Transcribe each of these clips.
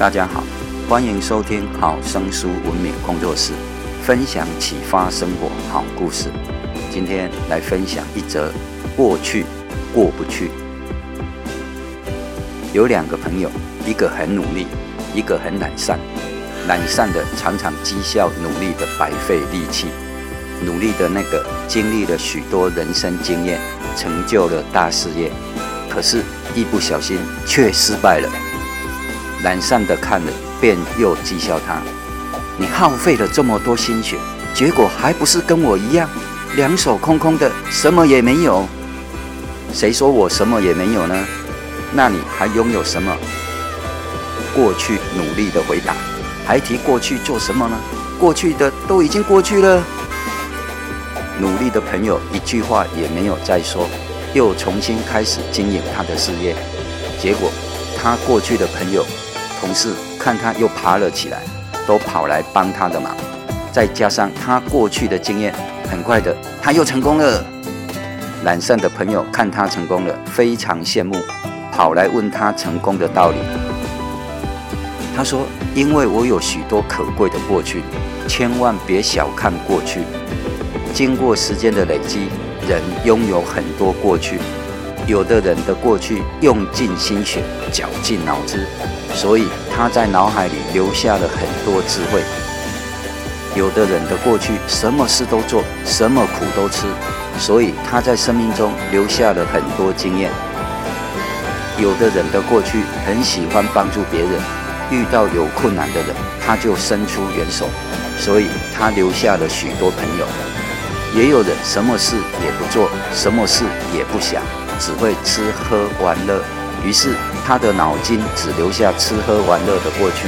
大家好，歡迎收聽好生書文明工作室分享啟發生活好故事。今天來分享一則過去過不去。有兩個朋友，一個很努力，一個很懶散。懶散的常常譏笑努力的白費力氣，努力的那個經歷了許多人生經驗，成就了大事業，可是，一不小心卻失敗了。懶散地看了，便又譏笑他：“你耗費了這麼多心血，結果還不是跟我一樣，兩手空空的，什麼也沒有？誰說我什麼也沒有呢？那你還擁有什麼？過去。努力的回答，還提過去做什麼呢？過去的都已經過去了。努力的朋友一句話也沒有再說，又重新開始經營他的事業。結果，他過去的朋友。”同事看他又爬了起來，都跑來幫他的忙。再加上他過去的經驗，很快的他又成功了。懶散的朋友看他成功了，非常羨慕，跑來問他成功的道理。他說：“因為我有許多可貴的過去，千萬別小看過去。”經過時間的累積，人擁有很多過去。有的人的過去用盡心血，絞盡腦汁，所以他在腦海裡留下了很多智慧。有的人的過去什麼事都做，什麼苦都吃，所以他在生命中留下了很多經驗。有的人的過去很喜歡幫助別人，遇到有困難的人，他就伸出援手，所以他留下了許多朋友。也有人什麼事也不做，什麼事也不想。只會吃喝玩樂，於是他的腦筋只留下吃喝玩樂的過去。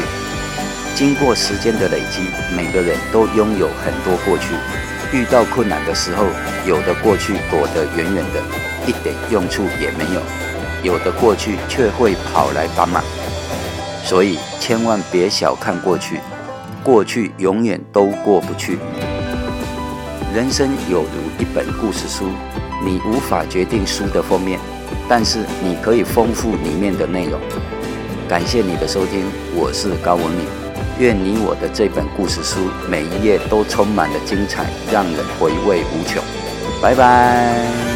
經過時間的累積，每個人都擁有很多過去。遇到困難的時候，有的過去躲得遠遠的，一點用處也沒有；有的過去卻會跑來幫忙。所以千萬別小看過去，過去永遠都過不去。人生有如一本故事書。你無法決定書的封面，但是你可以豐富裡面的內容。感謝你的收聽，我是高文明。願你我的這本故事書，每一頁都充滿了精彩，讓人回味無窮。拜拜。